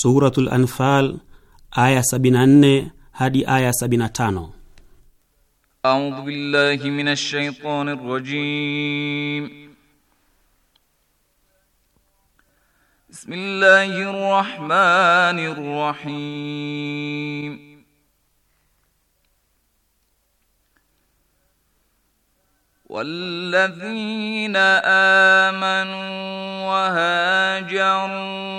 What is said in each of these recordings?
Suratul Anfal aya 74 hadi aya 75. A'udhu billahi minash shaitani rajim. Bismillahir rahmanir rahim. والذين آمنوا وهاجروا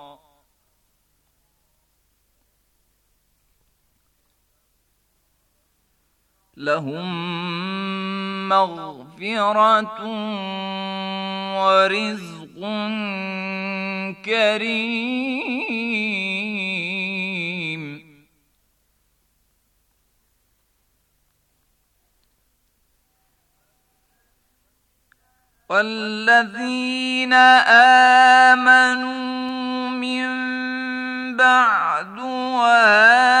لهم مغفرة ورزق كريم والذين آمنوا من بعد وآمنوا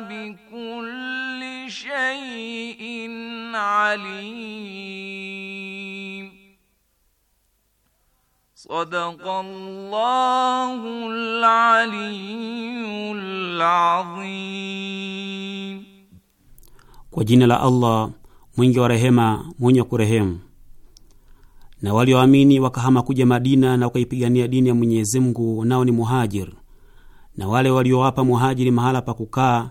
بكل شيء عليم صدق الله العلي العظيم kwa jina la Allah mwingi wa rehema mwenye kurehemu. Na walioamini wa wakahama kuja Madina na wakaipigania dini ya Mwenyezi Mungu, nao ni muhajir, na wale waliowapa wa muhajiri mahala pa kukaa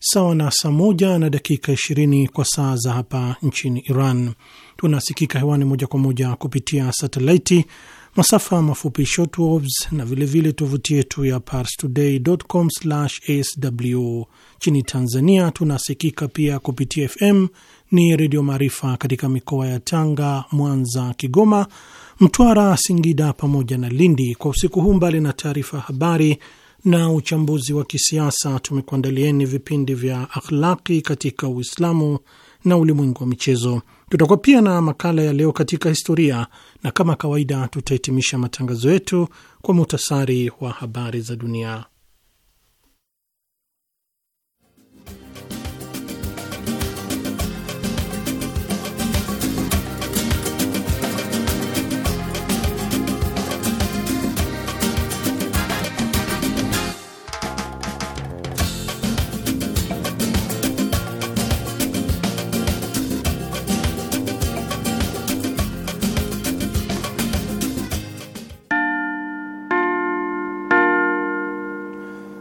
sawa na saa moja na dakika ishirini kwa saa za hapa nchini Iran. Tunasikika hewani moja kwa moja kupitia satelaiti, masafa mafupi short waves, na vilevile tovuti yetu ya parstoday.com/sw. Nchini Tanzania tunasikika pia kupitia FM ni Redio Maarifa katika mikoa ya Tanga, Mwanza, Kigoma, Mtwara, Singida pamoja na Lindi. Kwa usiku huu, mbali na taarifa habari na uchambuzi wa kisiasa, tumekuandalieni vipindi vya akhlaki katika Uislamu na ulimwengu wa michezo. Tutakuwa pia na makala ya leo katika historia, na kama kawaida tutahitimisha matangazo yetu kwa muhtasari wa habari za dunia.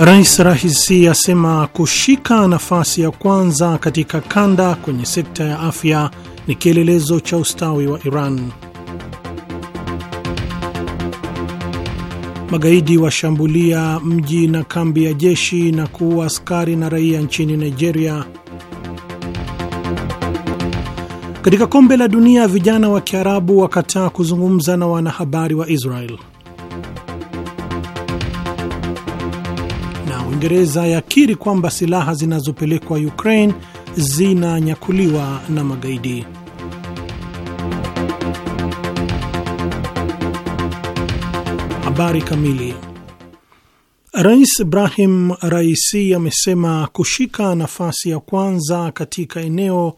Rais Rahisi asema kushika nafasi ya kwanza katika kanda kwenye sekta ya afya ni kielelezo cha ustawi wa Iran. Magaidi washambulia mji na kambi ya jeshi na kuua askari na raia nchini Nigeria. Katika kombe la dunia, vijana wa Kiarabu wakataa kuzungumza na wanahabari wa Israel. Uingereza yakiri kwamba silaha zinazopelekwa Ukraine zinanyakuliwa na magaidi. Habari kamili. Rais Ibrahim Raisi amesema kushika nafasi ya kwanza katika eneo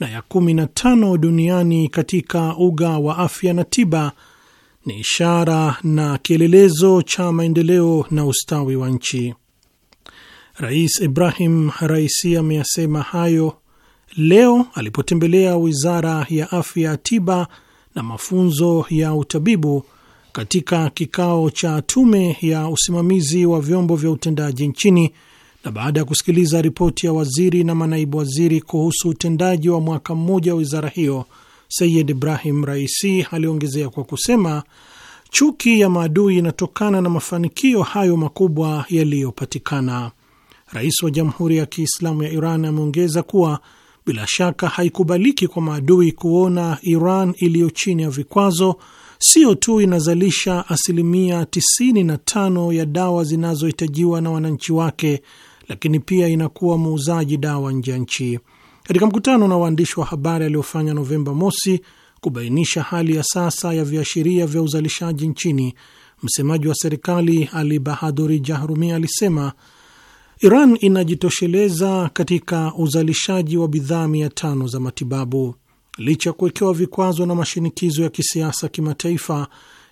na ya 15 duniani katika uga wa afya na tiba ni ishara na kielelezo cha maendeleo na ustawi wa nchi. Rais Ibrahim Raisi ameyasema hayo leo alipotembelea wizara ya afya, tiba na mafunzo ya utabibu katika kikao cha tume ya usimamizi wa vyombo vya utendaji nchini na baada ya kusikiliza ripoti ya waziri na manaibu waziri kuhusu utendaji wa mwaka mmoja wa wizara hiyo, Sayid Ibrahim Raisi aliongezea kwa kusema chuki ya maadui inatokana na mafanikio hayo makubwa yaliyopatikana. Rais wa Jamhuri ya Kiislamu ya Iran ameongeza kuwa bila shaka haikubaliki kwa maadui kuona Iran iliyo chini ya vikwazo sio tu inazalisha asilimia 95 ya dawa zinazohitajiwa na wananchi wake, lakini pia inakuwa muuzaji dawa nje ya nchi. Katika mkutano na waandishi wa habari aliofanya Novemba mosi kubainisha hali ya sasa ya viashiria vya uzalishaji nchini, msemaji wa serikali Ali Bahaduri Jahrumi alisema Iran inajitosheleza katika uzalishaji wa bidhaa mia tano za matibabu. Licha ya kuwekewa vikwazo na mashinikizo ya kisiasa kimataifa,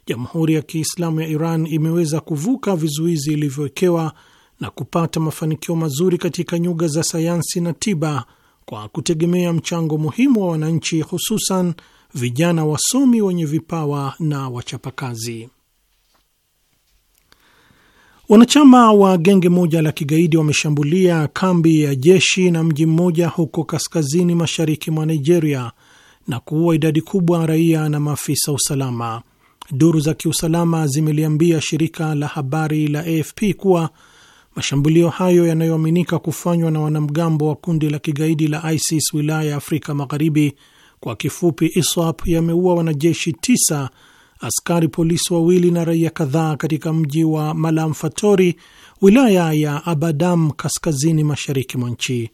Jamhuri ya Kiislamu ya Iran imeweza kuvuka vizuizi ilivyowekewa na kupata mafanikio mazuri katika nyuga za sayansi na tiba kwa kutegemea mchango muhimu wa wananchi, hususan vijana wasomi wenye vipawa na wachapakazi. Wanachama wa genge moja la kigaidi wameshambulia kambi ya jeshi na mji mmoja huko kaskazini mashariki mwa Nigeria na kuua idadi kubwa raia na maafisa usalama. Duru za kiusalama zimeliambia shirika la habari la AFP kuwa mashambulio hayo yanayoaminika kufanywa na wanamgambo wa kundi la kigaidi la ISIS wilaya ya Afrika Magharibi, kwa kifupi ISWAP, yameua wanajeshi tisa askari polisi wawili na raia kadhaa katika mji wa Malamfatori, wilaya ya Abadam, kaskazini mashariki mwa nchi.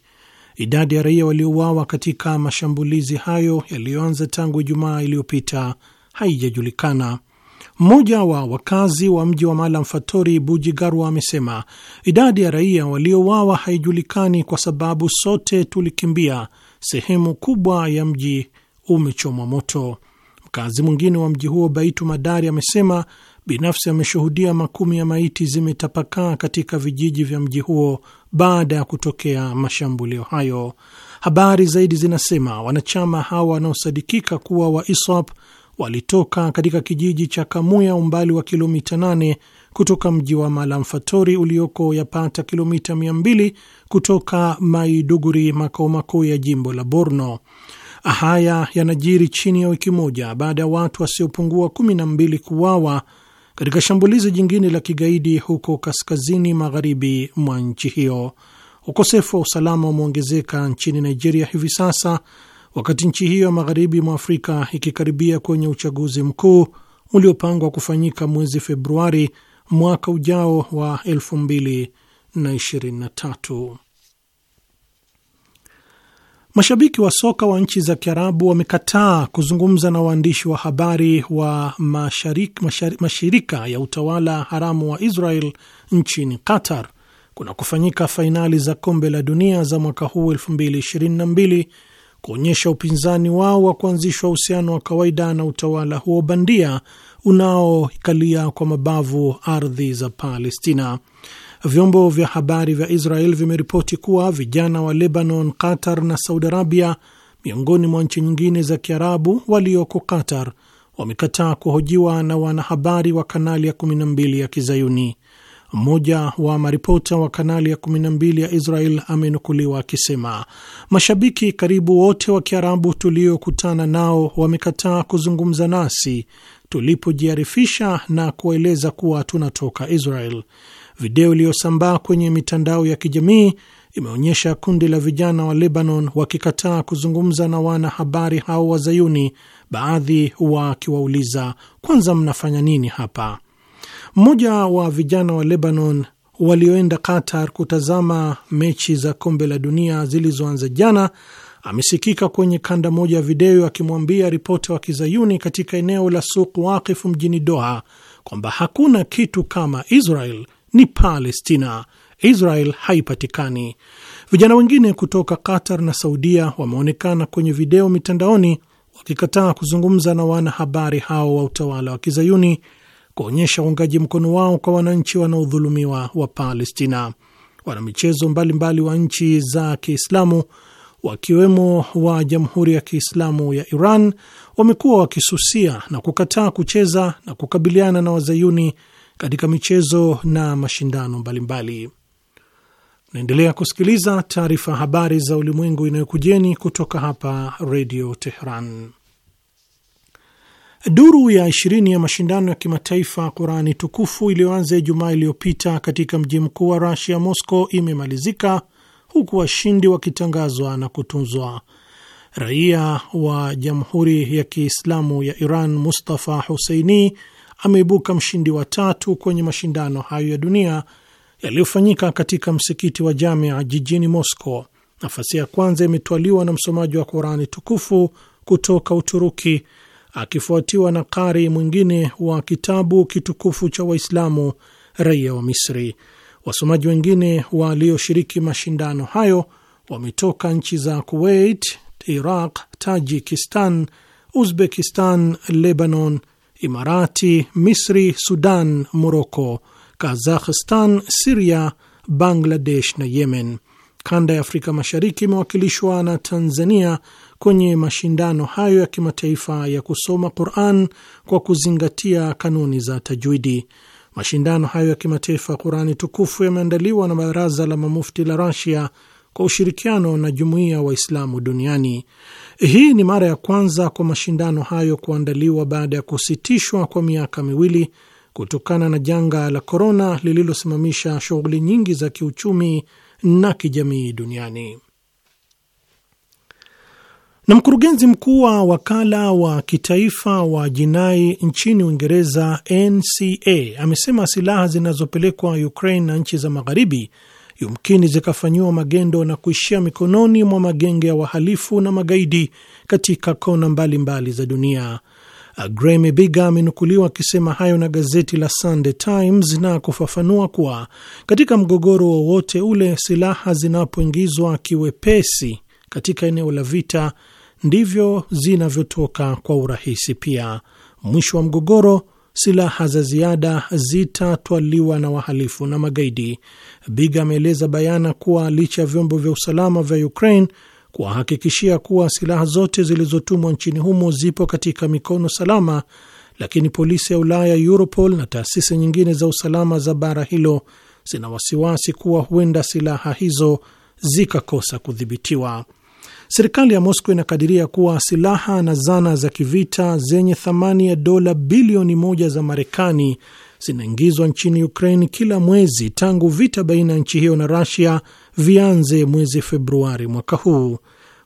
Idadi ya raia waliouawa katika mashambulizi hayo yaliyoanza tangu Ijumaa iliyopita haijajulikana. Mmoja wa wakazi wa mji wa Malamfatori, garwa amesema idadi ya raia waliouawa haijulikani kwa sababu sote tulikimbia, sehemu kubwa ya mji umechomwa moto. Mkazi mwingine wa mji huo Baitu Madari amesema binafsi ameshuhudia makumi ya maiti zimetapakaa katika vijiji vya mji huo baada ya kutokea mashambulio hayo. Habari zaidi zinasema wanachama hawa wanaosadikika kuwa wa ISWAP walitoka katika kijiji cha Kamuya umbali wa kilomita 8 kutoka mji wa Malamfatori ulioko yapata kilomita 200 kutoka Maiduguri, makao makuu ya jimbo la Borno. Haya yanajiri chini ya wiki moja baada ya watu wasiopungua mbili kuuawa katika shambulizi jingine la kigaidi huko kaskazini magharibi mwa nchi hiyo. Ukosefu wa usalama umeongezeka nchini Nigeria hivi sasa wakati nchi hiyo ya magharibi mwa Afrika ikikaribia kwenye uchaguzi mkuu uliopangwa kufanyika mwezi Februari mwaka ujao wa 2023. Mashabiki wa soka wa nchi za Kiarabu wamekataa kuzungumza na waandishi wa habari wa masharik, mashari, mashirika ya utawala haramu wa Israel nchini Qatar kuna kufanyika fainali za kombe la dunia za mwaka huu 2022 kuonyesha upinzani wao wa kuanzishwa uhusiano wa kawaida na utawala huo bandia unaoikalia kwa mabavu ardhi za Palestina. Vyombo vya habari vya Israel vimeripoti kuwa vijana wa Lebanon, Qatar na Saudi Arabia, miongoni mwa nchi nyingine za Kiarabu, walioko Qatar wamekataa kuhojiwa na wanahabari wa kanali ya 12 ya Kizayuni. Mmoja wa maripota wa kanali ya 12 ya Israel amenukuliwa akisema mashabiki karibu wote wa Kiarabu tuliokutana nao wamekataa kuzungumza nasi tulipojiarifisha na kuwaeleza kuwa tunatoka Israel. Video iliyosambaa kwenye mitandao ya kijamii imeonyesha kundi la vijana wa Lebanon wakikataa kuzungumza na wanahabari hao Wazayuni, baadhi wakiwauliza kwanza, mnafanya nini hapa? Mmoja wa vijana wa Lebanon walioenda Qatar kutazama mechi za kombe la dunia zilizoanza jana amesikika kwenye kanda moja ya video akimwambia ripota wa kizayuni katika eneo la Suk Waqifu mjini Doha kwamba hakuna kitu kama Israel ni Palestina, Israel haipatikani. Vijana wengine kutoka Qatar na Saudia wameonekana kwenye video mitandaoni wakikataa kuzungumza na wanahabari hao wa utawala wa kizayuni kuonyesha uungaji mkono wao kwa wananchi wanaodhulumiwa wa Palestina. Wanamichezo mbalimbali wa nchi za Kiislamu wakiwemo wa Jamhuri ya Kiislamu ya Iran wamekuwa wakisusia na kukataa kucheza na kukabiliana na wazayuni katika michezo na mashindano mbalimbali. Naendelea kusikiliza taarifa habari za ulimwengu inayokujeni kutoka hapa redio Tehran. Duru ya ishirini ya mashindano ya kimataifa Qurani tukufu iliyoanza Ijumaa iliyopita katika mji mkuu wa Rasia, Moscow, imemalizika huku washindi wakitangazwa na kutunzwa. Raia wa Jamhuri ya Kiislamu ya Iran Mustafa Huseini ameibuka mshindi wa tatu kwenye mashindano hayo ya dunia yaliyofanyika katika msikiti wa Jamia jijini Moscow. Nafasi ya kwanza imetwaliwa na msomaji wa Qurani tukufu kutoka Uturuki, akifuatiwa na kari mwingine wa kitabu kitukufu cha Waislamu, raia wa Misri. Wasomaji wengine walioshiriki mashindano hayo wametoka nchi za Kuwait, Iraq, Tajikistan, Uzbekistan, Lebanon, Imarati, Misri, Sudan, Moroko, Kazakhstan, Siria, Bangladesh na Yemen. Kanda ya Afrika Mashariki imewakilishwa na Tanzania kwenye mashindano hayo ya kimataifa ya kusoma Quran kwa kuzingatia kanuni za tajwidi. Mashindano hayo ya kimataifa ya Qurani tukufu yameandaliwa na Baraza la Mamufti la Rasia kwa ushirikiano na jumuiya Waislamu duniani. Hii ni mara ya kwanza kwa mashindano hayo kuandaliwa baada ya kusitishwa kwa miaka miwili kutokana na janga la korona lililosimamisha shughuli nyingi za kiuchumi na kijamii duniani. Na mkurugenzi mkuu wa wakala wa kitaifa wa jinai nchini Uingereza, NCA, amesema silaha zinazopelekwa Ukraine na nchi za magharibi yumkini zikafanyiwa magendo na kuishia mikononi mwa magenge ya wahalifu na magaidi katika kona mbalimbali mbali za dunia. Greme Biga amenukuliwa akisema hayo na gazeti la Sunday Times na kufafanua kuwa katika mgogoro wowote ule, silaha zinapoingizwa kiwepesi katika eneo la vita ndivyo zinavyotoka kwa urahisi pia. Mwisho wa mgogoro silaha za ziada zitatwaliwa na wahalifu na magaidi. big ameeleza bayana kuwa licha ya vyombo vya usalama vya Ukraine kuwahakikishia kuwa silaha zote zilizotumwa nchini humo zipo katika mikono salama, lakini polisi ya Ulaya, Europol na taasisi nyingine za usalama za bara hilo zina wasiwasi kuwa huenda silaha hizo zikakosa kudhibitiwa. Serikali ya Moscow inakadiria kuwa silaha na zana za kivita zenye thamani ya dola bilioni moja za Marekani zinaingizwa nchini Ukraine kila mwezi tangu vita baina ya nchi hiyo na rasia vianze mwezi Februari mwaka huu.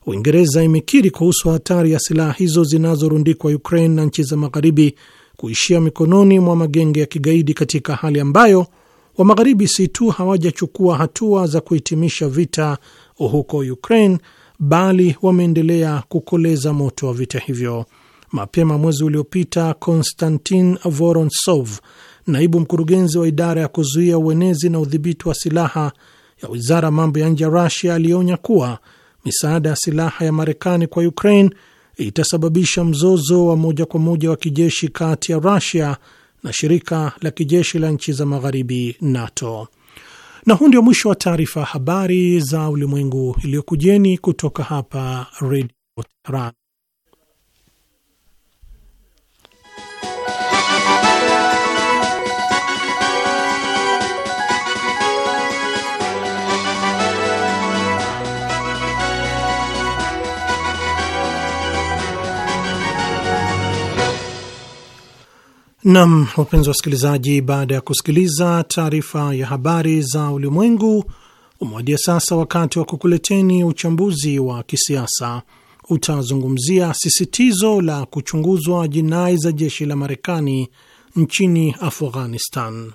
Uingereza imekiri kuhusu hatari ya silaha hizo zinazorundikwa Ukraine na nchi za magharibi kuishia mikononi mwa magenge ya kigaidi katika hali ambayo wa magharibi si tu hawajachukua hatua za kuhitimisha vita huko Ukraine bali wameendelea kukoleza moto wa vita hivyo. Mapema mwezi uliopita, Konstantin Voronsov, naibu mkurugenzi wa idara ya kuzuia uenezi na udhibiti wa silaha ya wizara ya mambo ya nje ya Rusia, alionya kuwa misaada ya silaha ya Marekani kwa Ukraine itasababisha mzozo wa moja kwa moja wa kijeshi kati ya Rusia na shirika la kijeshi la nchi za magharibi NATO. Na huu ndio mwisho wa taarifa habari za ulimwengu iliyokujeni kutoka hapa Redio Teheran. Nam, wapenzi wa wasikilizaji, baada ya kusikiliza taarifa ya habari za ulimwengu, umewadia sasa wakati wa kukuleteni uchambuzi wa kisiasa. Utazungumzia sisitizo la kuchunguzwa jinai za jeshi la Marekani nchini Afghanistan.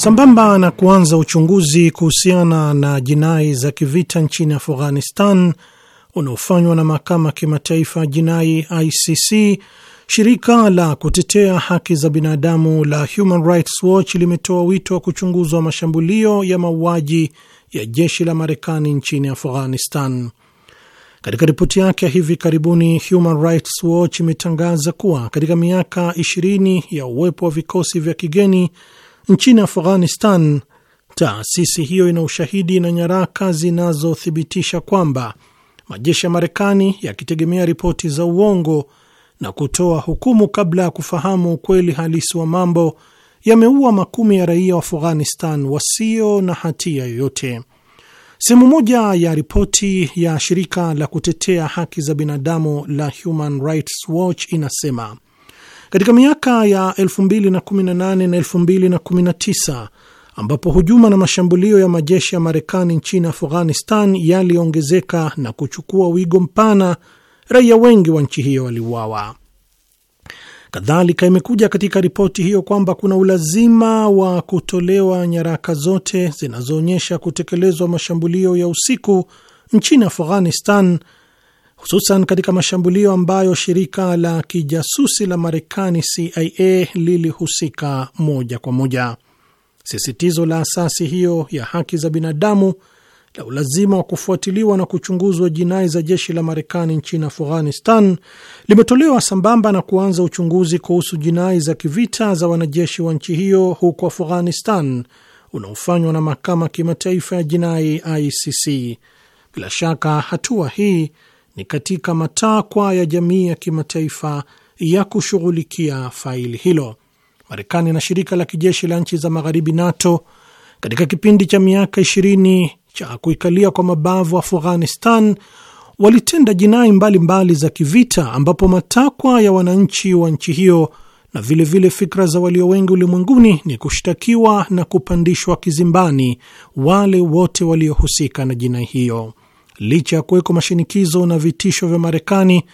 Sambamba na kuanza uchunguzi kuhusiana na jinai za kivita nchini Afghanistan unaofanywa na mahakama ya kimataifa jinai ICC, shirika la kutetea haki za binadamu la Human Rights Watch limetoa wito wa kuchunguzwa mashambulio ya mauaji ya jeshi la Marekani nchini Afghanistan. Katika ripoti yake ya hivi karibuni, Human Rights Watch imetangaza kuwa katika miaka 20 ya uwepo wa vikosi vya kigeni nchini Afghanistan. Taasisi hiyo ina ushahidi na nyaraka zinazothibitisha kwamba majeshi ya Marekani yakitegemea ripoti za uongo na kutoa hukumu kabla ya kufahamu ukweli halisi wa mambo yameua makumi ya raia wa Afghanistan wasio na hatia yoyote. Sehemu moja ya ripoti ya shirika la kutetea haki za binadamu la Human Rights Watch inasema katika miaka ya 2018 na 2019 ambapo hujuma na mashambulio ya majeshi ya Marekani nchini Afghanistan yaliongezeka na kuchukua wigo mpana, raia wengi wa nchi hiyo waliuawa. Kadhalika, imekuja katika ripoti hiyo kwamba kuna ulazima wa kutolewa nyaraka zote zinazoonyesha kutekelezwa mashambulio ya usiku nchini Afghanistan hususan katika mashambulio ambayo shirika la kijasusi la Marekani CIA lilihusika moja kwa moja. Sisitizo la asasi hiyo ya haki za binadamu la ulazima wa kufuatiliwa na kuchunguzwa jinai za jeshi la Marekani nchini Afghanistan limetolewa sambamba na kuanza uchunguzi kuhusu jinai za kivita za wanajeshi wa nchi hiyo huko Afghanistan unaofanywa na mahakama kimataifa ya jinai ICC. Bila shaka hatua hii ni katika matakwa ya jamii ya kimataifa ya kushughulikia faili hilo. Marekani na shirika la kijeshi la nchi za magharibi NATO katika kipindi cha miaka 20 cha kuikalia kwa mabavu Afghanistan walitenda jinai mbalimbali za kivita, ambapo matakwa ya wananchi wa nchi hiyo na vilevile vile fikra za walio wengi ulimwenguni ni kushtakiwa na kupandishwa kizimbani wale wote waliohusika na jinai hiyo licha ya kuwekwa mashinikizo na vitisho vya Marekani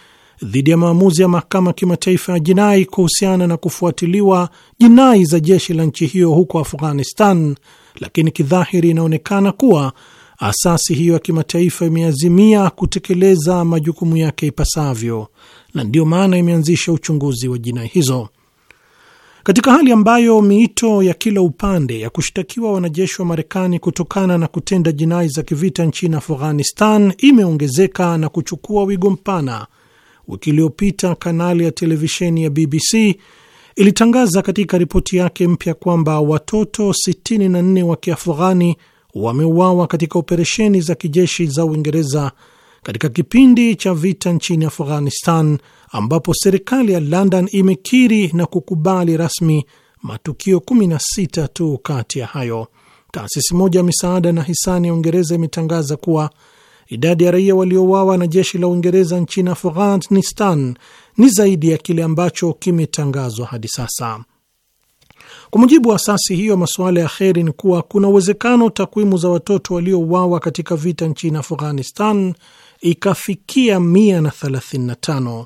dhidi ya maamuzi ya mahakama ya kimataifa ya jinai kuhusiana na kufuatiliwa jinai za jeshi la nchi hiyo huko Afghanistan, lakini kidhahiri inaonekana kuwa asasi hiyo ya kimataifa imeazimia kutekeleza majukumu yake ipasavyo, na ndiyo maana imeanzisha uchunguzi wa jinai hizo katika hali ambayo miito ya kila upande ya kushtakiwa wanajeshi wa Marekani kutokana na kutenda jinai za kivita nchini Afghanistan imeongezeka na kuchukua wigo mpana. Wiki iliyopita kanali ya televisheni ya BBC ilitangaza katika ripoti yake mpya kwamba watoto 64 wa Kiafghani wameuawa katika operesheni za kijeshi za Uingereza katika kipindi cha vita nchini Afghanistan ambapo serikali ya London imekiri na kukubali rasmi matukio 16 tu kati ya hayo. Taasisi moja ya misaada na hisani ya Uingereza imetangaza kuwa idadi ya raia waliouawa na jeshi la Uingereza nchini Afghanistan ni zaidi ya kile ambacho kimetangazwa hadi sasa. Kwa mujibu wa asasi hiyo, masuala ya kheri ni kuwa kuna uwezekano takwimu za watoto waliouawa katika vita nchini Afghanistan ikafikia 135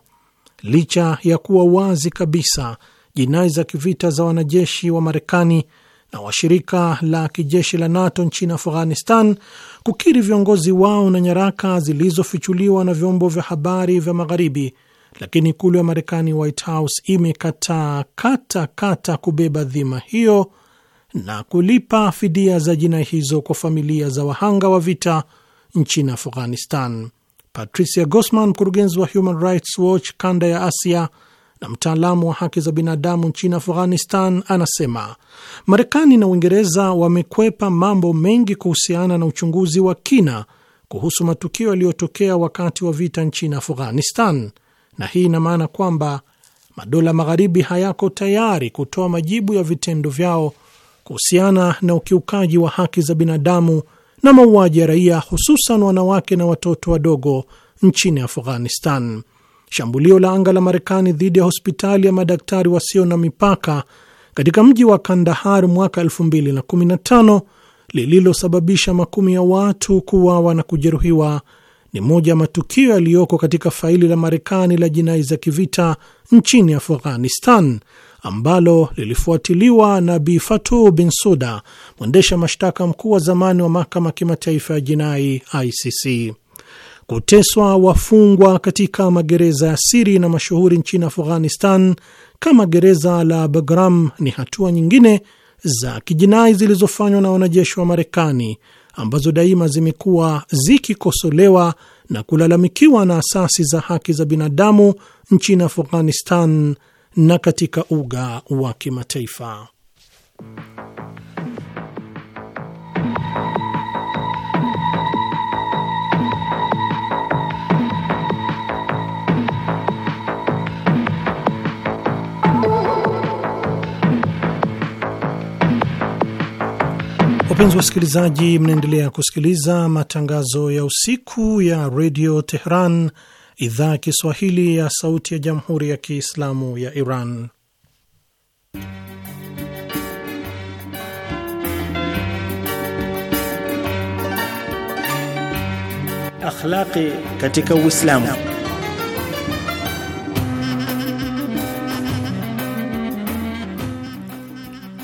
licha ya kuwa wazi kabisa jinai za kivita za wanajeshi wa Marekani na washirika la kijeshi la NATO nchini Afghanistan, kukiri viongozi wao na nyaraka zilizofichuliwa na vyombo vya habari vya Magharibi, lakini ikulu ya Marekani, White House, imekataa kata kata kubeba dhima hiyo na kulipa fidia za jinai hizo kwa familia za wahanga wa vita nchini Afghanistan. Patricia Gosman, mkurugenzi wa Human Rights Watch kanda ya Asia na mtaalamu wa haki za binadamu nchini Afghanistan, anasema Marekani na Uingereza wamekwepa mambo mengi kuhusiana na uchunguzi wa kina kuhusu matukio yaliyotokea wakati wa vita nchini Afghanistan, na hii ina maana kwamba madola magharibi hayako tayari kutoa majibu ya vitendo vyao kuhusiana na ukiukaji wa haki za binadamu na mauaji ya raia, hususan wanawake na watoto wadogo nchini Afghanistan. Shambulio la anga la Marekani dhidi ya hospitali ya madaktari wasio na mipaka katika mji wa Kandahar mwaka 2015 lililosababisha makumi ya watu kuuawa na kujeruhiwa ni moja ya matukio yaliyoko katika faili la Marekani la jinai za kivita nchini Afghanistan ambalo lilifuatiliwa na Bi bin suda mwendesha mashtaka mkuu wa zamani wa mahakama kimataifa ya jinai ICC. Kuteswa wafungwa katika magereza ya siri na mashuhuri nchini Afghanistan kama gereza la Bagram ni hatua nyingine za kijinai zilizofanywa na wanajeshi wa Marekani ambazo daima zimekuwa zikikosolewa na kulalamikiwa na asasi za haki za binadamu nchini Afghanistan na katika uga wa kimataifa. Wapenzi wasikilizaji, mnaendelea kusikiliza matangazo ya usiku ya redio Tehran, idhaa ya Kiswahili ya Sauti ya Jamhuri ya Kiislamu ya Iran. Akhlaqi katika Uislamu.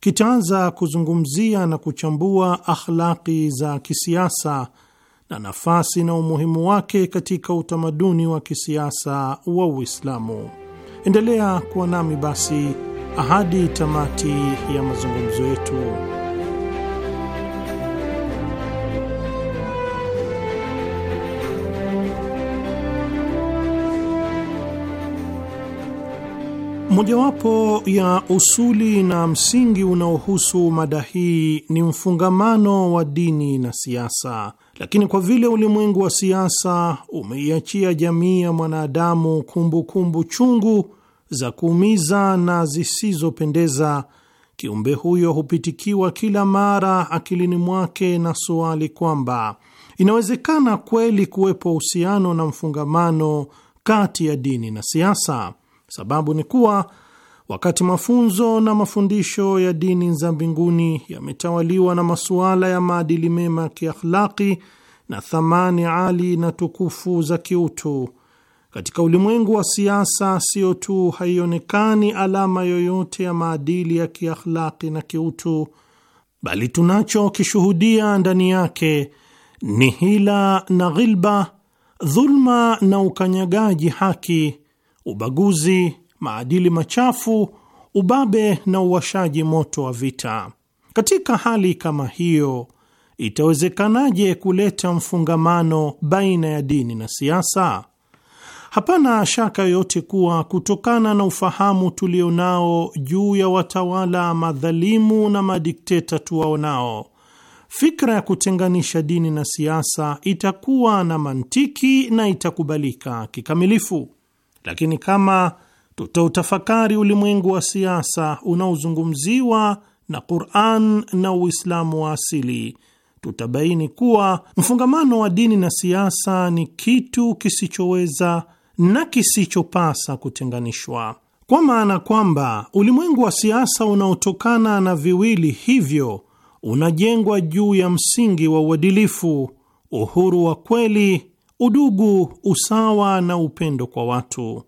kitaanza kuzungumzia na kuchambua akhlaki za kisiasa na nafasi na umuhimu wake katika utamaduni wa kisiasa wa Uislamu. Endelea kuwa nami basi ahadi tamati ya mazungumzo yetu. Mojawapo ya usuli na msingi unaohusu mada hii ni mfungamano wa dini na siasa, lakini kwa vile ulimwengu wa siasa umeiachia jamii ya mwanadamu kumbukumbu chungu za kuumiza na zisizopendeza, kiumbe huyo hupitikiwa kila mara akilini mwake na suali kwamba inawezekana kweli kuwepo uhusiano na mfungamano kati ya dini na siasa. Sababu ni kuwa wakati mafunzo na mafundisho ya dini za mbinguni yametawaliwa na masuala ya maadili mema ya kiakhlaki na thamani ali na tukufu za kiutu, katika ulimwengu wa siasa siyo tu haionekani alama yoyote ya maadili ya kiakhlaki na kiutu, bali tunachokishuhudia ndani yake ni hila na ghilba, dhulma na ukanyagaji haki ubaguzi, maadili machafu, ubabe na uwashaji moto wa vita. Katika hali kama hiyo, itawezekanaje kuleta mfungamano baina ya dini na siasa? Hapana shaka yoyote kuwa kutokana na ufahamu tulio nao juu ya watawala madhalimu na madikteta tuwaonao, fikra ya kutenganisha dini na siasa itakuwa na mantiki na itakubalika kikamilifu. Lakini kama tutautafakari ulimwengu wa siasa unaozungumziwa na Qur'an na Uislamu wa asili, tutabaini kuwa mfungamano wa dini na siasa ni kitu kisichoweza na kisichopasa kutenganishwa, kwa maana kwamba ulimwengu wa siasa unaotokana na viwili hivyo unajengwa juu ya msingi wa uadilifu, uhuru wa kweli Udugu, usawa na upendo kwa watu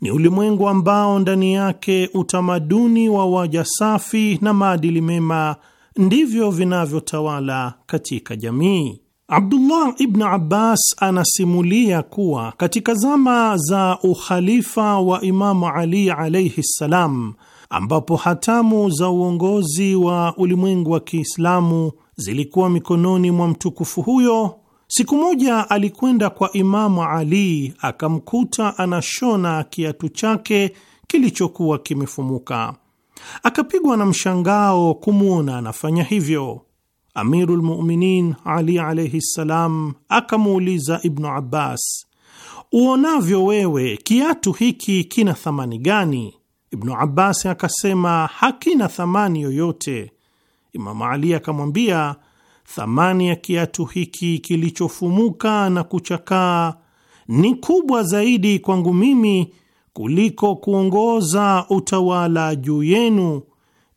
ni ulimwengu ambao ndani yake utamaduni wa waja safi na maadili mema ndivyo vinavyotawala katika jamii. Abdullah ibn Abbas anasimulia kuwa katika zama za ukhalifa wa Imamu Ali alaihi ssalam, ambapo hatamu za uongozi wa ulimwengu wa Kiislamu zilikuwa mikononi mwa mtukufu huyo Siku moja alikwenda kwa Imamu Ali akamkuta anashona kiatu chake kilichokuwa kimefumuka. Akapigwa na mshangao kumwona anafanya hivyo. Amirul Muminin Ali alaihi ssalam akamuuliza Ibnu Abbas, uonavyo wewe kiatu hiki kina thamani gani? Ibnu Abbas akasema hakina thamani yoyote. Imamu Ali akamwambia thamani ya kiatu hiki kilichofumuka na kuchakaa ni kubwa zaidi kwangu mimi kuliko kuongoza utawala juu yenu,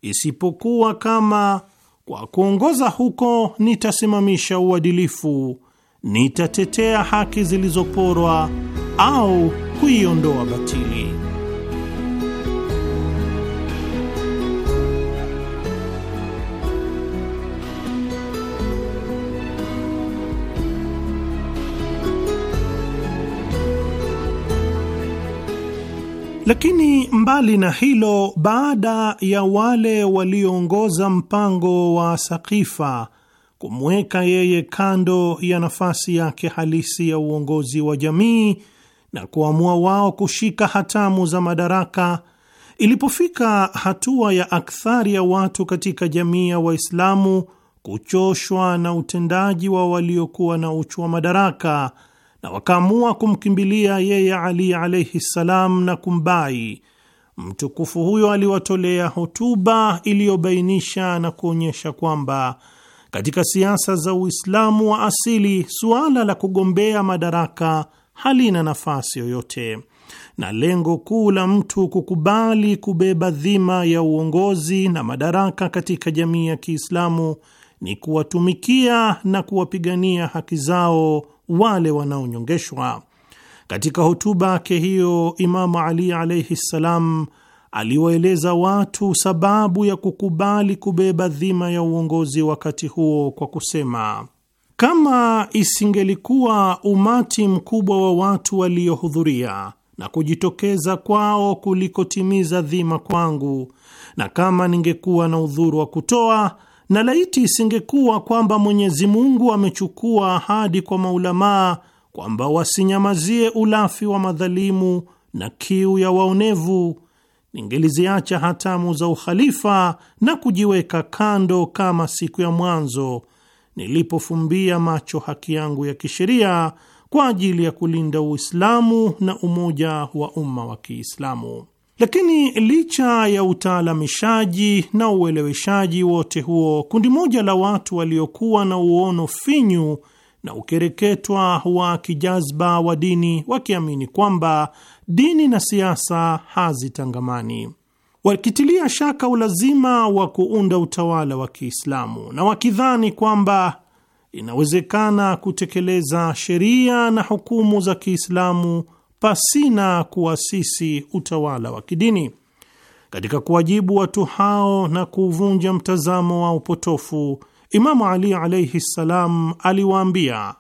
isipokuwa kama kwa kuongoza huko nitasimamisha uadilifu, nitatetea haki zilizoporwa au kuiondoa batili. Lakini mbali na hilo, baada ya wale walioongoza mpango wa Sakifa kumweka yeye kando ya nafasi yake halisi ya uongozi wa jamii na kuamua wao kushika hatamu za madaraka, ilipofika hatua ya akthari ya watu katika jamii ya Waislamu kuchoshwa na utendaji wa waliokuwa na uchu wa madaraka na wakaamua kumkimbilia yeye Ali alaihi ssalam na kumbai. Mtukufu huyo aliwatolea hotuba iliyobainisha na kuonyesha kwamba katika siasa za Uislamu wa asili suala la kugombea madaraka halina nafasi yoyote, na lengo kuu la mtu kukubali kubeba dhima ya uongozi na madaraka katika jamii ya Kiislamu ni kuwatumikia na kuwapigania haki zao wale wanaonyongeshwa. Katika hotuba yake hiyo, Imamu Ali alaihi ssalam aliwaeleza watu sababu ya kukubali kubeba dhima ya uongozi wakati huo kwa kusema, kama isingelikuwa umati mkubwa wa watu waliohudhuria na kujitokeza kwao kulikotimiza dhima kwangu, na kama ningekuwa na udhuru wa kutoa na laiti isingekuwa kwamba Mwenyezi Mungu amechukua ahadi kwa maulamaa kwamba wasinyamazie ulafi wa madhalimu na kiu ya waonevu, ningeliziacha hatamu za ukhalifa na kujiweka kando kama siku ya mwanzo nilipofumbia macho haki yangu ya kisheria kwa ajili ya kulinda Uislamu na umoja wa umma wa Kiislamu. Lakini licha ya utaalamishaji na ueleweshaji wote huo, kundi moja la watu waliokuwa na uono finyu na ukereketwa wa kijazba wa dini, wakiamini kwamba dini na siasa hazitangamani, wakitilia shaka ulazima wa kuunda utawala wa Kiislamu na wakidhani kwamba inawezekana kutekeleza sheria na hukumu za Kiislamu pasina kuasisi utawala wa kidini. Katika kuwajibu watu hao na kuvunja mtazamo wa upotofu, Imamu Ali alaihi ssalam aliwaambia,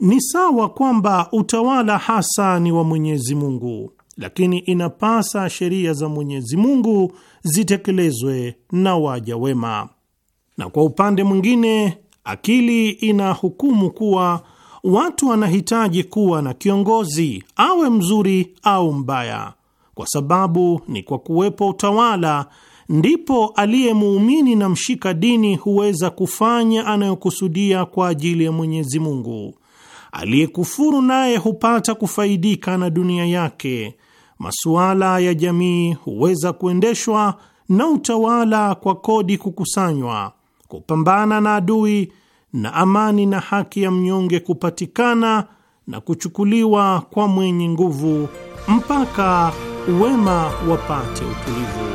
ni sawa kwamba utawala hasa ni wa Mwenyezi Mungu, lakini inapasa sheria za Mwenyezi Mungu zitekelezwe na waja wema, na kwa upande mwingine akili inahukumu kuwa watu wanahitaji kuwa na kiongozi, awe mzuri au mbaya, kwa sababu ni kwa kuwepo utawala ndipo aliye muumini na mshika dini huweza kufanya anayokusudia kwa ajili ya Mwenyezi Mungu. Aliyekufuru naye hupata kufaidika na dunia yake. Masuala ya jamii huweza kuendeshwa na utawala kwa kodi kukusanywa, kupambana na adui na amani na haki ya mnyonge kupatikana na kuchukuliwa kwa mwenye nguvu mpaka wema wapate utulivu.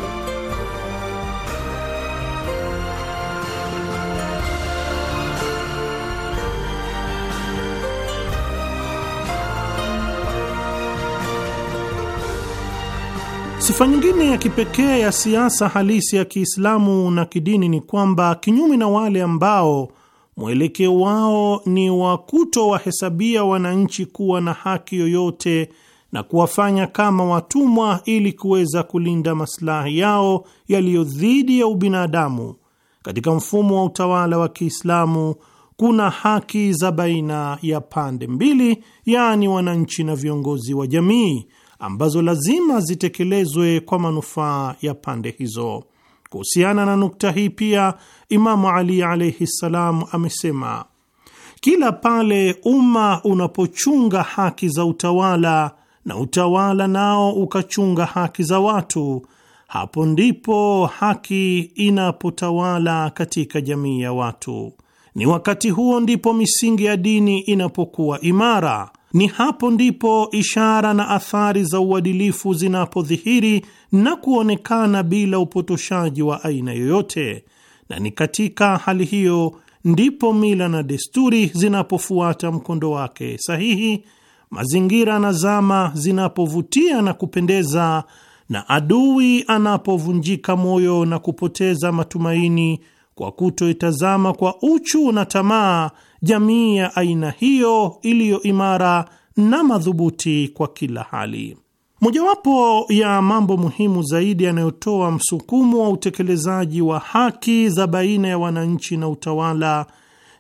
Sifa nyingine ya kipekee ya siasa halisi ya Kiislamu na kidini ni kwamba kinyume na wale ambao mwelekeo wao ni wa kutowahesabia wananchi kuwa na haki yoyote na kuwafanya kama watumwa ili kuweza kulinda maslahi yao yaliyo dhidi ya ubinadamu. Katika mfumo wa utawala wa Kiislamu kuna haki za baina ya pande mbili, yaani wananchi na viongozi wa jamii, ambazo lazima zitekelezwe kwa manufaa ya pande hizo. Kuhusiana na nukta hii pia, Imamu Ali alaihi ssalam amesema kila pale umma unapochunga haki za utawala na utawala nao ukachunga haki za watu, hapo ndipo haki inapotawala katika jamii ya watu. Ni wakati huo ndipo misingi ya dini inapokuwa imara ni hapo ndipo ishara na athari za uadilifu zinapodhihiri na kuonekana bila upotoshaji wa aina yoyote, na ni katika hali hiyo ndipo mila na desturi zinapofuata mkondo wake sahihi, mazingira na zama zinapovutia na kupendeza, na adui anapovunjika moyo na kupoteza matumaini kwa kutoitazama kwa uchu na tamaa jamii ya aina hiyo iliyo imara na madhubuti kwa kila hali. Mojawapo ya mambo muhimu zaidi yanayotoa msukumo wa utekelezaji wa haki za baina ya wananchi na utawala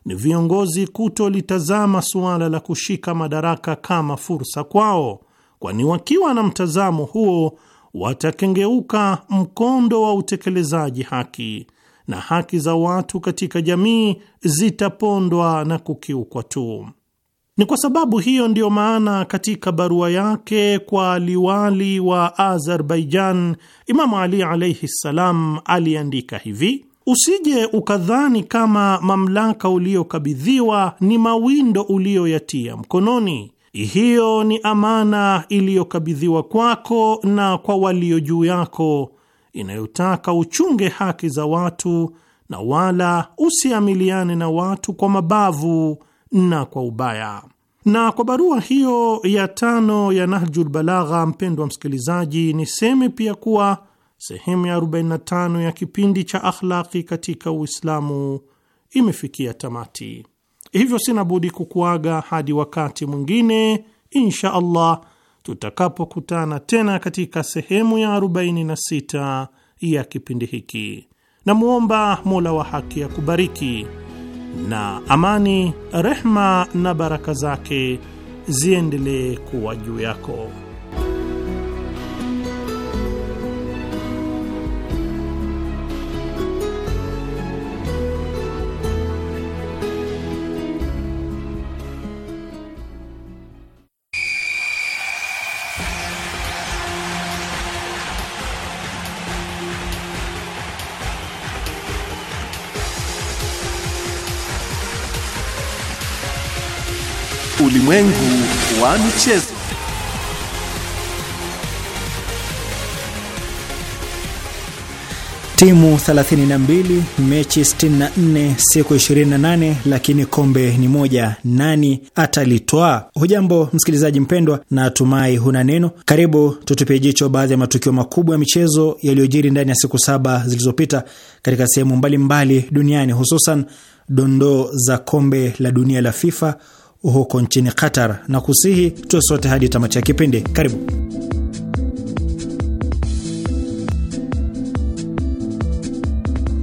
ni viongozi kutolitazama suala la kushika madaraka kama fursa kwao, kwani wakiwa na mtazamo huo watakengeuka mkondo wa utekelezaji haki na haki za watu katika jamii zitapondwa na kukiukwa tu. Ni kwa sababu hiyo ndiyo maana katika barua yake kwa liwali wa Azerbaijan, Imamu Ali alaihi ssalam aliandika hivi: usije ukadhani kama mamlaka uliyokabidhiwa ni mawindo uliyoyatia mkononi. Hiyo ni amana iliyokabidhiwa kwako na kwa walio juu yako inayotaka uchunge haki za watu na wala usiamiliane na watu kwa mabavu na kwa ubaya. Na kwa barua hiyo ya tano ya Nahjul Balagha, mpendwa msikilizaji, niseme pia kuwa sehemu ya 45 ya kipindi cha akhlaki katika Uislamu imefikia tamati. Hivyo sina budi kukuaga hadi wakati mwingine insha Allah tutakapokutana tena katika sehemu ya 46 ya kipindi hiki. Namwomba Mola wa haki akubariki, na amani, rehma na baraka zake ziendelee kuwa juu yako. Ulimwengu wa michezo. Timu 32, mechi 64, siku 28, lakini kombe ni moja. Nani atalitwaa? Hujambo msikilizaji mpendwa, na atumai huna neno. Karibu tutupie jicho baadhi ya matukio makubwa ya michezo yaliyojiri ndani ya siku saba zilizopita katika sehemu mbalimbali duniani, hususan dondoo za kombe la dunia la FIFA huko nchini Qatar, na kusihi tuwe sote hadi tamati ya kipindi. Karibu.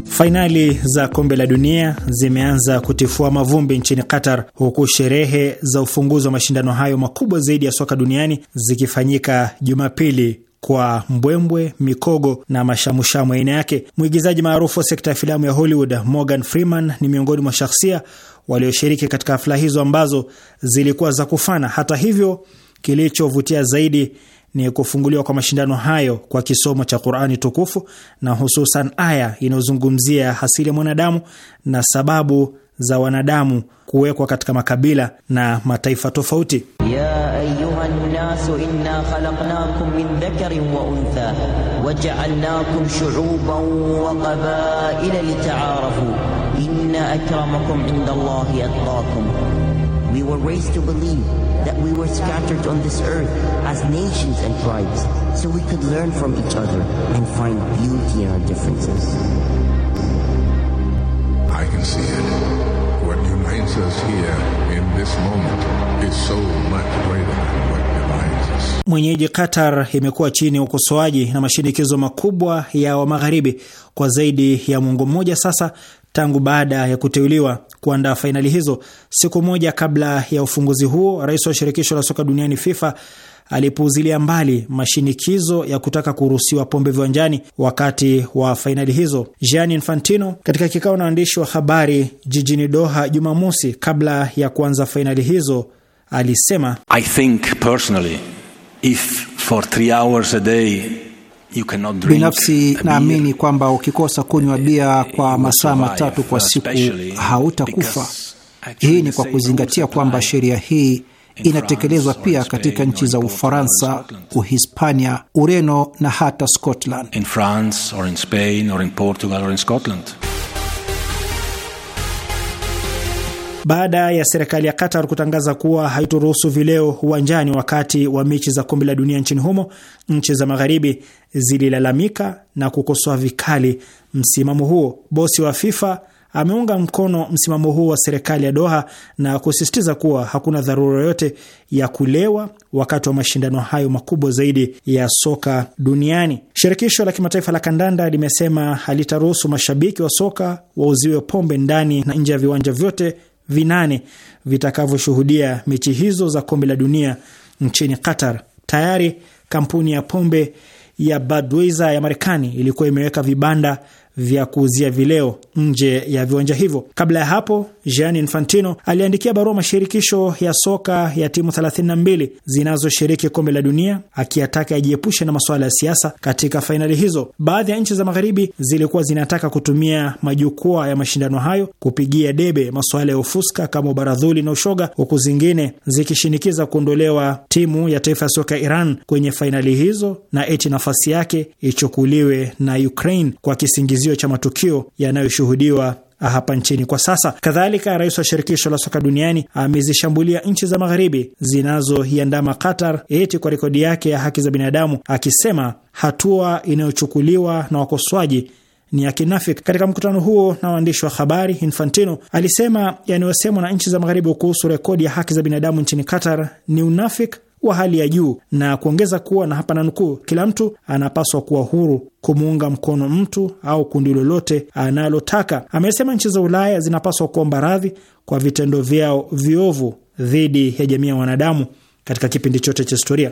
Fainali za kombe la dunia zimeanza kutifua mavumbi nchini Qatar, huku sherehe za ufunguzi wa mashindano hayo makubwa zaidi ya soka duniani zikifanyika Jumapili kwa mbwembwe, mikogo na mashamushamu aina yake. Mwigizaji maarufu wa sekta ya filamu ya Hollywood Morgan Freeman ni miongoni mwa shakhsia walioshiriki katika hafla hizo ambazo zilikuwa za kufana. Hata hivyo, kilichovutia zaidi ni kufunguliwa kwa mashindano hayo kwa kisomo cha Qur'ani tukufu na hususan aya inayozungumzia asili ya mwanadamu na sababu za wanadamu kuwekwa katika makabila na mataifa tofauti. ya ayuhan nasu inna khalaqnakum min dhakarin wa untha waja'alnakum shu'uban wa qabaila Inna akramakum indallahi atqakum. We were raised to believe that we were scattered on this earth as nations and tribes so we could learn from each other and find beauty in our differences. I can see it. What unites us here in this moment is so much greater than what Mwenyeji Qatar imekuwa chini ya ukosoaji na mashinikizo makubwa ya wa magharibi kwa zaidi ya mwongo mmoja sasa tangu baada ya kuteuliwa kuandaa fainali hizo. Siku moja kabla ya ufunguzi huo, rais wa shirikisho la soka duniani FIFA alipuuzilia mbali mashinikizo ya kutaka kuruhusiwa pombe viwanjani wakati wa fainali hizo. Gianni Infantino, katika kikao na waandishi wa habari jijini Doha Jumamosi kabla ya kuanza fainali hizo, alisema I think personally, if for three hours a day Binafsi naamini kwamba ukikosa kunywa bia kwa masaa matatu kwa siku hautakufa. Hii ni kwa kuzingatia kwamba sheria hii inatekelezwa pia katika nchi za Ufaransa, Uhispania, Ureno na hata Scotland. Baada ya serikali ya Qatar kutangaza kuwa haituruhusu vileo uwanjani wakati wa mechi za kombe la dunia nchini humo, nchi za magharibi zililalamika na kukosoa vikali msimamo huo. Bosi wa FIFA ameunga mkono msimamo huo wa serikali ya Doha na kusisitiza kuwa hakuna dharura yoyote ya kulewa wakati wa mashindano hayo makubwa zaidi ya soka duniani. Shirikisho la kimataifa la kandanda limesema halitaruhusu mashabiki wa soka wauziwe pombe ndani na nje ya viwanja vyote vinane vitakavyoshuhudia mechi hizo za kombe la dunia nchini Qatar. Tayari kampuni ya pombe ya Budweiser ya Marekani ilikuwa imeweka vibanda vya kuuzia vileo nje ya viwanja hivyo. Kabla ya hapo, Gianni Infantino aliandikia barua mashirikisho ya soka ya timu 32 zinazoshiriki kombe la dunia akiyataka yajiepushe na masuala ya siasa katika fainali hizo. Baadhi ya nchi za magharibi zilikuwa zinataka kutumia majukwaa ya mashindano hayo kupigia debe masuala ya ufuska kama ubaradhuli na ushoga, huku zingine zikishinikiza kuondolewa timu ya taifa ya soka ya Iran kwenye fainali hizo na eti nafasi yake ichukuliwe na Ukraine kwa kisingizio kisingizio cha matukio yanayoshuhudiwa hapa nchini kwa sasa. Kadhalika, rais wa shirikisho la soka duniani amezishambulia nchi za magharibi zinazoiandama Qatar eti kwa rekodi yake ya haki za binadamu, akisema hatua inayochukuliwa na wakosoaji ni ya kinafiki. Katika mkutano huo na waandishi wa habari, Infantino alisema yanayosemwa na nchi za magharibi kuhusu rekodi ya haki za binadamu nchini Qatar ni unafiki wa hali ya juu na kuongeza kuwa, na hapa nanukuu, kila mtu anapaswa kuwa huru kumuunga mkono mtu au kundi lolote analotaka. Amesema nchi za Ulaya zinapaswa kuomba radhi kwa vitendo vyao viovu dhidi ya jamii ya wanadamu katika kipindi chote cha historia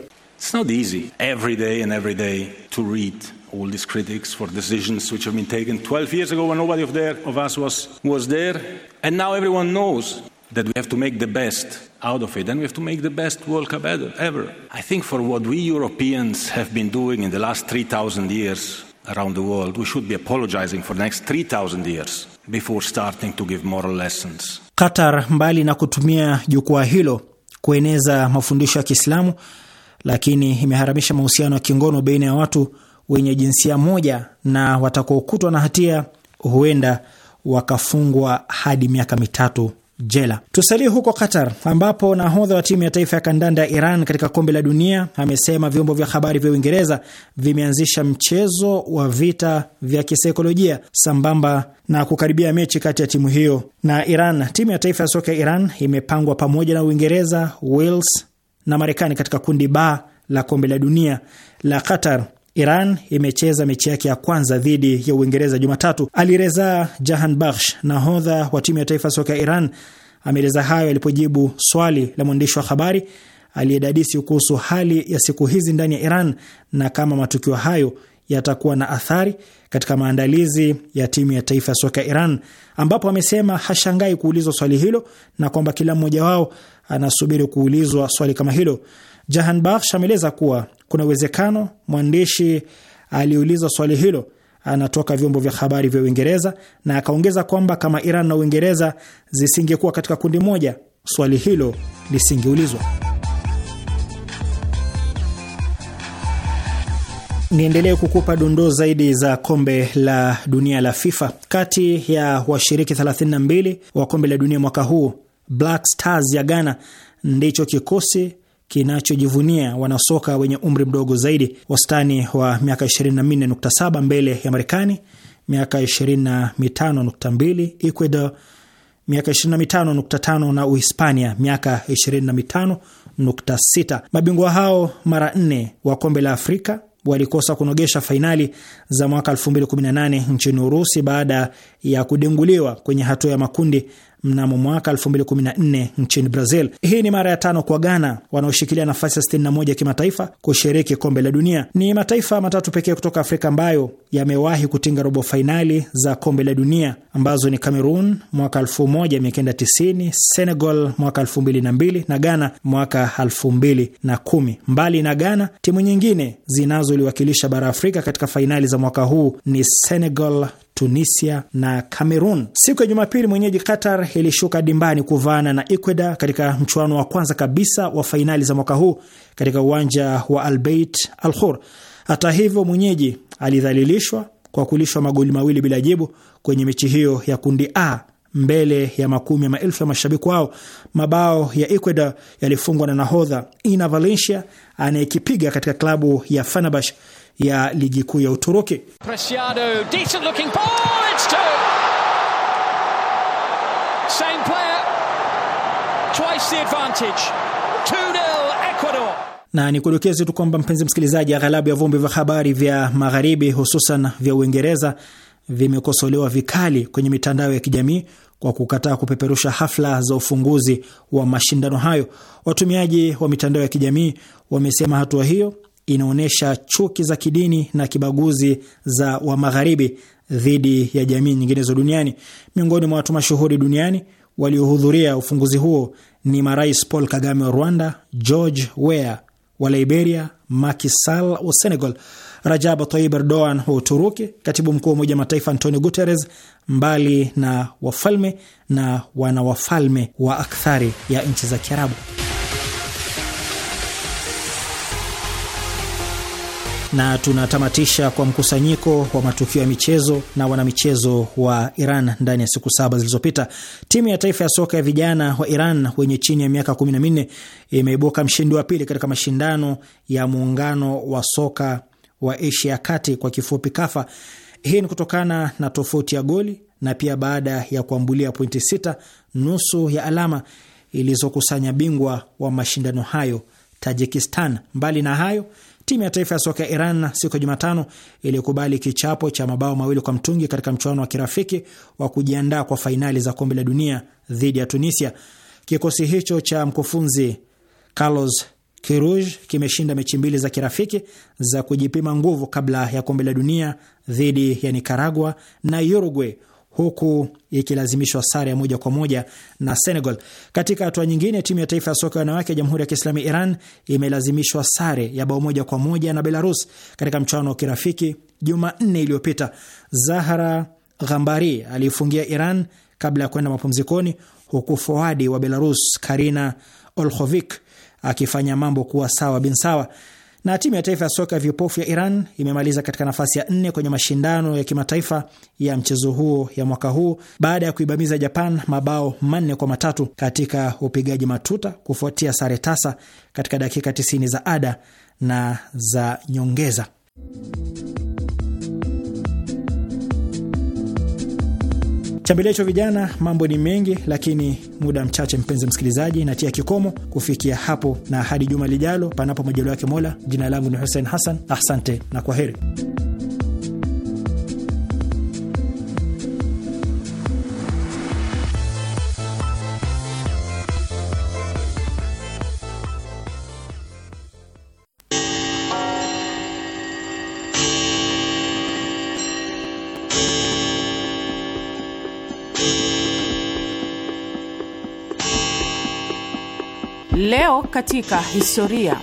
that we have to make the best out of it, and we have to make the best World Cup ever. I think for what we Europeans have been doing in the last 3,000 years around the world, we should be apologizing for the next 3,000 years before starting to give moral lessons. Qatar, mbali na kutumia jukwaa hilo kueneza mafundisho ya Kiislamu, lakini imeharamisha mahusiano ya kingono baina ya watu wenye jinsia moja, na watakaokutwa na hatia huenda wakafungwa hadi miaka mitatu jela. Tusalie huko Qatar, ambapo nahodha wa timu ya taifa ya kandanda ya Iran katika kombe la dunia amesema vyombo vya habari vya Uingereza vimeanzisha mchezo wa vita vya kisaikolojia sambamba na kukaribia mechi kati ya timu hiyo na Iran. Timu ya taifa ya soka ya Iran imepangwa pamoja na Uingereza, Wales na Marekani katika kundi ba la kombe la dunia la Qatar Iran imecheza mechi yake ya kwanza dhidi ya Uingereza Jumatatu. Alireza Jahan Bakhsh, nahodha wa timu ya taifa soka ya Iran, ameeleza hayo alipojibu swali la mwandishi wa habari aliyedadisi kuhusu hali ya siku hizi ndani ya Iran na kama matukio hayo yatakuwa na athari katika maandalizi ya timu ya taifa ya soka ya Iran, ambapo amesema hashangai kuulizwa swali hilo na kwamba kila mmoja wao anasubiri kuulizwa swali kama hilo. Jahanbakhsh ameeleza kuwa kuna uwezekano mwandishi aliyeuliza swali hilo anatoka vyombo vya habari vya Uingereza na akaongeza kwamba kama Iran na Uingereza zisingekuwa katika kundi moja, swali hilo lisingeulizwa. Niendelee kukupa dondoo zaidi za kombe la dunia la FIFA. Kati ya washiriki 32 wa kombe la dunia mwaka huu, Black Stars ya Ghana ndicho kikosi kinachojivunia wanasoka wenye umri mdogo zaidi, wastani wa miaka 24.7 mbele ya Marekani, miaka 25.2 Ecuador, miaka 25.5 na Uhispania miaka 25.6. Mabingwa hao mara nne wa kombe la Afrika walikosa kunogesha fainali za mwaka 2018 nchini Urusi baada ya kudenguliwa kwenye hatua ya makundi mnamo mwaka 2014 nchini Brazil. Hii ni mara ya tano kwa Ghana wanaoshikilia nafasi ya 61 ya kimataifa kushiriki kombe la dunia. Ni mataifa matatu pekee kutoka Afrika ambayo yamewahi kutinga robo fainali za kombe la dunia ambazo ni Cameroon mwaka 1990, Senegal mwaka 2002 na Ghana mwaka 2010. Mbali na Ghana, timu nyingine zinazoliwakilisha bara Afrika katika fainali za mwaka huu ni Senegal Tunisia na Cameroon. Siku ya Jumapili, mwenyeji Qatar ilishuka dimbani kuvaana na Ecuador katika mchuano wa kwanza kabisa wa fainali za mwaka huu katika uwanja wa Albeit Al Khor. Hata hivyo, mwenyeji alidhalilishwa kwa kulishwa magoli mawili bila jibu kwenye mechi hiyo ya kundi A mbele ya makumi ya maelfu ya mashabiki wao. Mabao ya Ecuador yalifungwa na nahodha Ina Valencia anayekipiga katika klabu ya Fenerbahce ya ligi kuu ya Uturuki. Na ni kudokeze tu kwamba mpenzi msikilizaji, aghalabu ya vyombo vya habari vya Magharibi hususan vya Uingereza vimekosolewa vikali kwenye mitandao ya kijamii kwa kukataa kupeperusha hafla za ufunguzi wa mashindano hayo. Watumiaji wa mitandao ya kijamii wamesema hatua hiyo inaonyesha chuki za kidini na kibaguzi za wa magharibi dhidi ya jamii nyinginezo duniani. Miongoni mwa watu mashuhuri duniani waliohudhuria ufunguzi huo ni marais Paul Kagame wa Rwanda, George Weah wa Liberia, Macky Sall wa Senegal, Rajab Tayyip Erdogan wa Uturuki, katibu mkuu wa Umoja Mataifa Antonio Guterres, mbali na wafalme na wanawafalme wa akthari ya nchi za Kiarabu. na tunatamatisha kwa mkusanyiko wa matukio ya michezo na wanamichezo wa Iran ndani ya siku saba zilizopita. Timu ya taifa ya soka ya vijana wa Iran wenye chini ya miaka minne imeibuka mshindi wa pili katika mashindano ya muungano wa soka wa Asia ya kati kwa kifupi KAFA. Hii ni kutokana na tofauti ya goli na pia baada ya kuambulia pointi sita, nusu ya alama ilizokusanya bingwa wa mashindano hayo Tajikistan. Mbali na hayo Timu ya taifa ya soka ya Iran siku ya Jumatano ilikubali kichapo cha mabao mawili kwa mtungi katika mchuano wa kirafiki wa kujiandaa kwa fainali za kombe la dunia dhidi ya Tunisia. Kikosi hicho cha mkufunzi Carlos Kiruj kimeshinda mechi mbili za kirafiki za kujipima nguvu kabla ya kombe la dunia dhidi ya nikaragua na Uruguay huku ikilazimishwa sare ya moja kwa moja na Senegal. Katika hatua nyingine, timu ya taifa ya soka ya wanawake ya Jamhuri ya Kiislamu Iran imelazimishwa sare ya bao moja kwa moja na Belarus katika mchuano wa kirafiki Jumanne iliyopita. Zahara Ghambari aliifungia Iran kabla ya kwenda mapumzikoni, huku foadi wa Belarus Karina Olkhovik akifanya mambo kuwa sawa bin sawa. Na timu ya taifa ya soka ya vipofu ya Iran imemaliza katika nafasi ya nne kwenye mashindano ya kimataifa ya mchezo huo ya mwaka huu baada ya kuibamiza Japan mabao manne kwa matatu katika upigaji matuta kufuatia sare tasa katika dakika 90 za ada na za nyongeza. hicho vijana, mambo ni mengi, lakini muda mchache, mpenzi msikilizaji, natia kikomo kufikia hapo, na hadi juma lijalo, panapo majalo yake Mola. Jina langu ni Hussein Hassan, asante na kwa heri. Leo katika historia.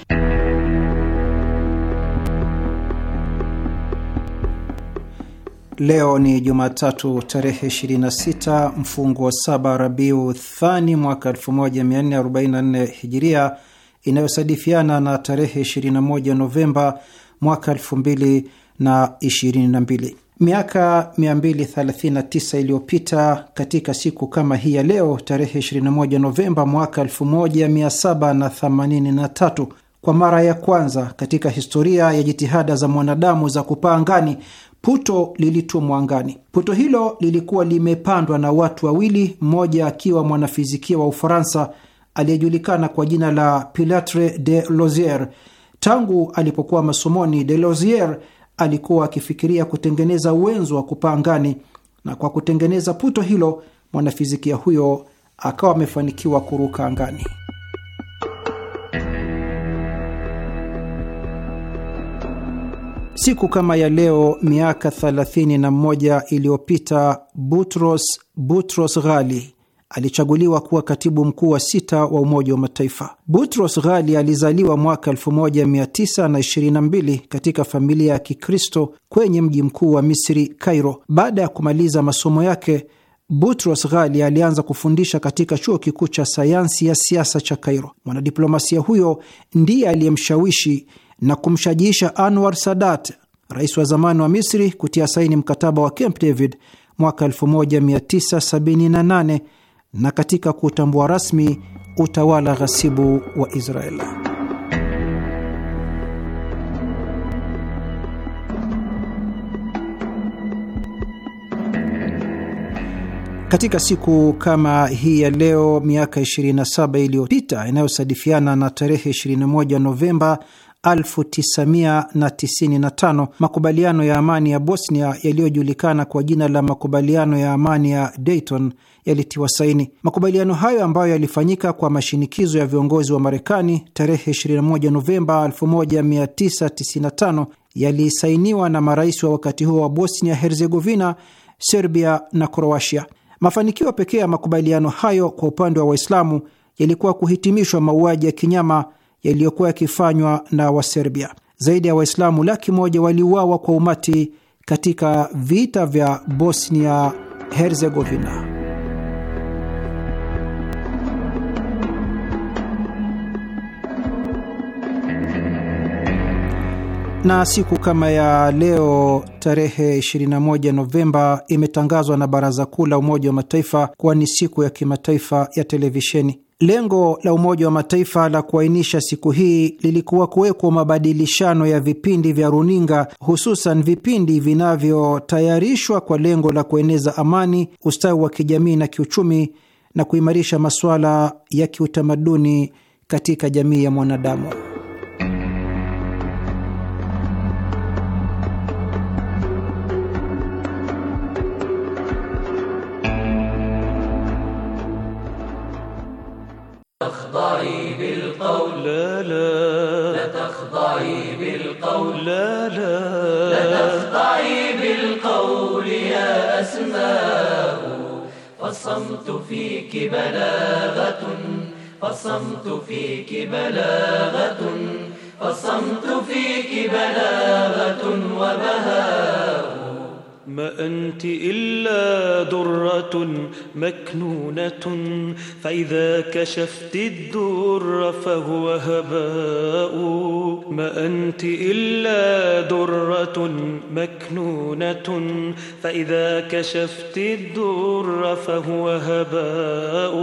Leo ni Jumatatu tarehe 26 mfungu wa saba Rabiu Thani mwaka 1444 Hijiria, inayosadifiana na tarehe 21 Novemba mwaka 2022. Miaka 239 iliyopita katika siku kama hii ya leo, tarehe 21 Novemba mwaka 1783, kwa mara ya kwanza katika historia ya jitihada za mwanadamu za kupaa angani, puto lilitumwa angani. Puto hilo lilikuwa limepandwa na watu wawili, mmoja akiwa mwanafizikia wa Ufaransa aliyejulikana kwa jina la Pilatre de Lozier. Tangu alipokuwa masomoni, de Lozier alikuwa akifikiria kutengeneza wenzo wa kupaa angani, na kwa kutengeneza puto hilo mwanafizikia huyo akawa amefanikiwa kuruka angani. Siku kama ya leo miaka 31 iliyopita Butros Butros Ghali alichaguliwa kuwa katibu mkuu wa sita wa Umoja wa Mataifa. Butros Ghali alizaliwa mwaka 1922 katika familia ya Kikristo kwenye mji mkuu wa Misri, Cairo. Baada ya kumaliza masomo yake, Butros Ghali alianza kufundisha katika chuo kikuu cha sayansi ya siasa cha Cairo. Mwanadiplomasia huyo ndiye aliyemshawishi na kumshajiisha Anwar Sadat, rais wa zamani wa Misri, kutia saini mkataba wa Camp David mwaka 1978 na katika kuutambua rasmi utawala ghasibu wa Israeli. Katika siku kama hii ya leo miaka 27 iliyopita inayosadifiana na tarehe 21 Novemba 1995. Makubaliano ya amani ya Bosnia yaliyojulikana kwa jina la makubaliano ya amani ya Dayton yalitiwa saini. Makubaliano hayo ambayo yalifanyika kwa mashinikizo ya viongozi wa Marekani tarehe 21 Novemba 1995 yalisainiwa na marais wa wakati huo wa Bosnia Herzegovina, Serbia na Kroatia. Mafanikio pekee ya makubaliano hayo kwa upande wa Waislamu yalikuwa kuhitimishwa mauaji ya kinyama yaliyokuwa yakifanywa na Waserbia. Zaidi ya Waislamu laki moja waliuawa kwa umati katika vita vya Bosnia Herzegovina. na siku kama ya leo tarehe 21 Novemba imetangazwa na Baraza Kuu la Umoja wa Mataifa kuwa ni siku ya kimataifa ya televisheni. Lengo la Umoja wa Mataifa la kuainisha siku hii lilikuwa kuwekwa mabadilishano ya vipindi vya runinga, hususan vipindi vinavyotayarishwa kwa lengo la kueneza amani, ustawi wa kijamii na kiuchumi na kuimarisha masuala ya kiutamaduni katika jamii ya mwanadamu. فالصمت فيك بلاغة فالصمت فيك بلاغة فالصمت فيك بلاغة وبهاء ما أنت إلا درة مكنونة فإذا كشفت الدر فهو هباء ما أنت إلا درة مكنونة فإذا كشفت الدر فهو هباء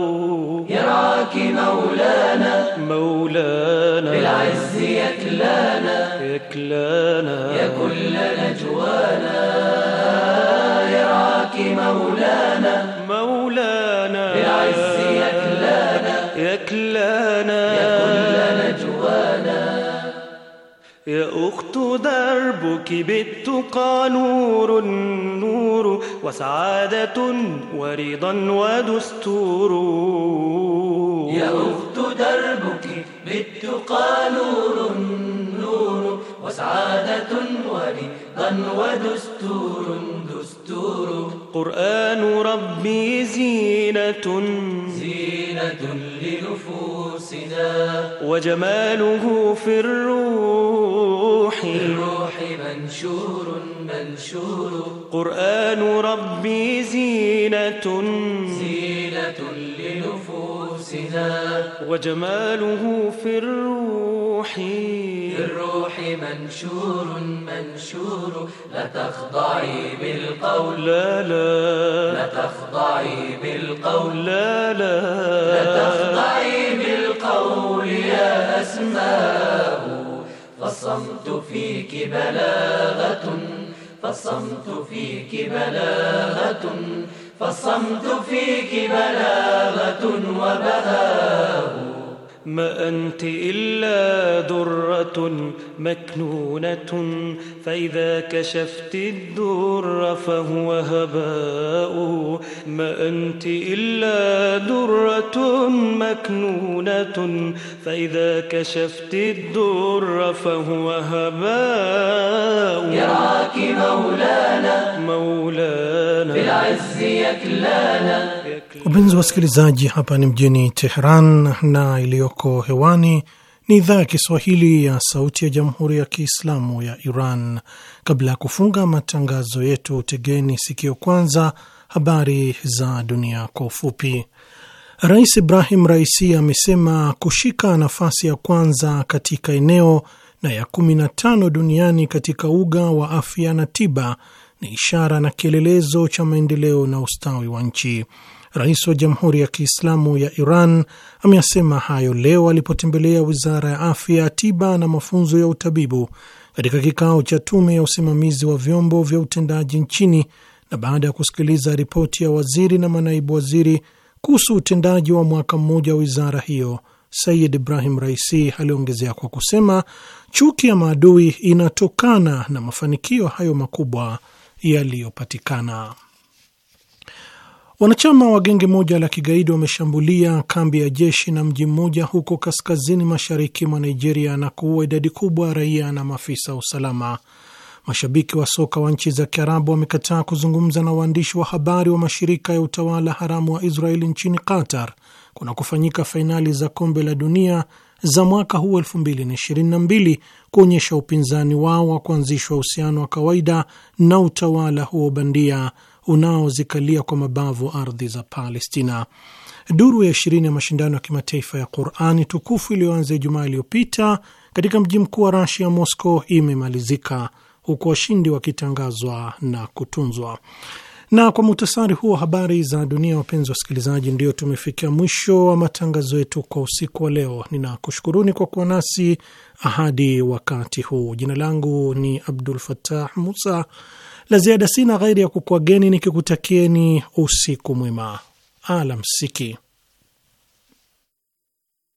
يرعاك مولانا مولانا بالعز يكلانا يكلانا يكل نجوانا مولانا مولانا كلانا يكلانا يكلانا يا كل جوانا يا أخت دربك بالتقى نور نور وسعادة ورضا ودستور يا أخت دربك بالتقى نور نور وسعادة ورضا ودستور الدستور قرآن ربي زينة زينة لنفوسنا وجماله في الروح في الروح منشور منشور قرآن ربي زينة زينة لنفوسنا أنفسنا وجماله في الروح في الروح منشور منشور لا تخضعي بالقول لا لا لا تخضعي بالقول لا لا لا تخضعي بالقول يا أسماء فالصمت فيك بلاغة فالصمت فيك بلاغة فالصمت فيك بلاغة وبهاء ما أنت إلا درة مكنونة فإذا كشفت الدر فهو هباء ما أنت إلا درة مكنونة فإذا كشفت الدر فهو هباء يراك مولانا مولانا Wapenzi wasikilizaji, hapa ni mjini Teheran na iliyoko hewani ni idhaa ya Kiswahili ya Sauti ya Jamhuri ya Kiislamu ya Iran. Kabla ya kufunga matangazo yetu, tegeni sikio kwanza habari za dunia kwa ufupi. Rais Ibrahim Raisi amesema kushika nafasi ya kwanza katika eneo na ya 15 duniani katika uga wa afya na tiba ni ishara na kielelezo cha maendeleo na ustawi wa nchi. Rais wa Jamhuri ya Kiislamu ya Iran ameyasema hayo leo alipotembelea Wizara ya Afya, Tiba na Mafunzo ya Utabibu katika kikao cha Tume ya Usimamizi wa Vyombo vya Utendaji nchini na baada ya kusikiliza ripoti ya waziri na manaibu waziri kuhusu utendaji wa mwaka mmoja wa wizara hiyo. Sayid Ibrahim Raisi aliongezea kwa kusema chuki ya maadui inatokana na mafanikio hayo makubwa yaliyopatikana. Wanachama wa genge moja la kigaidi wameshambulia kambi ya jeshi na mji mmoja huko kaskazini mashariki mwa Nigeria na kuua idadi kubwa raia na maafisa usalama. Mashabiki wa soka wa nchi za Kiarabu wamekataa kuzungumza na waandishi wa habari wa mashirika ya utawala haramu wa Israeli nchini Qatar kuna kufanyika fainali za kombe la dunia za mwaka huu 2022 kuonyesha upinzani wao wa kuanzishwa uhusiano wa kawaida na utawala huo bandia unaozikalia kwa mabavu ardhi za Palestina. Duru ya ishirini ya mashindano ya kimataifa ya Qurani tukufu iliyoanza Ijumaa iliyopita katika mji mkuu wa Rasia, Moscow, imemalizika huku washindi wakitangazwa na kutunzwa. Na kwa muhtasari huo habari za dunia, wapenzi wa wasikilizaji, ndio tumefikia mwisho wa matangazo yetu kwa usiku wa leo. Ninakushukuruni kwa kuwa nasi hadi wakati huu. Jina langu ni Abdul fatah Musa. La ziada sina ghairi ya kukuageni nikikutakieni usiku mwema. Alamsiki.